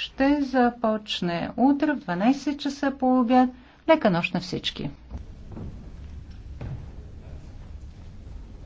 ще започне утре в 12 часа по обяд. Лека нощ на всички!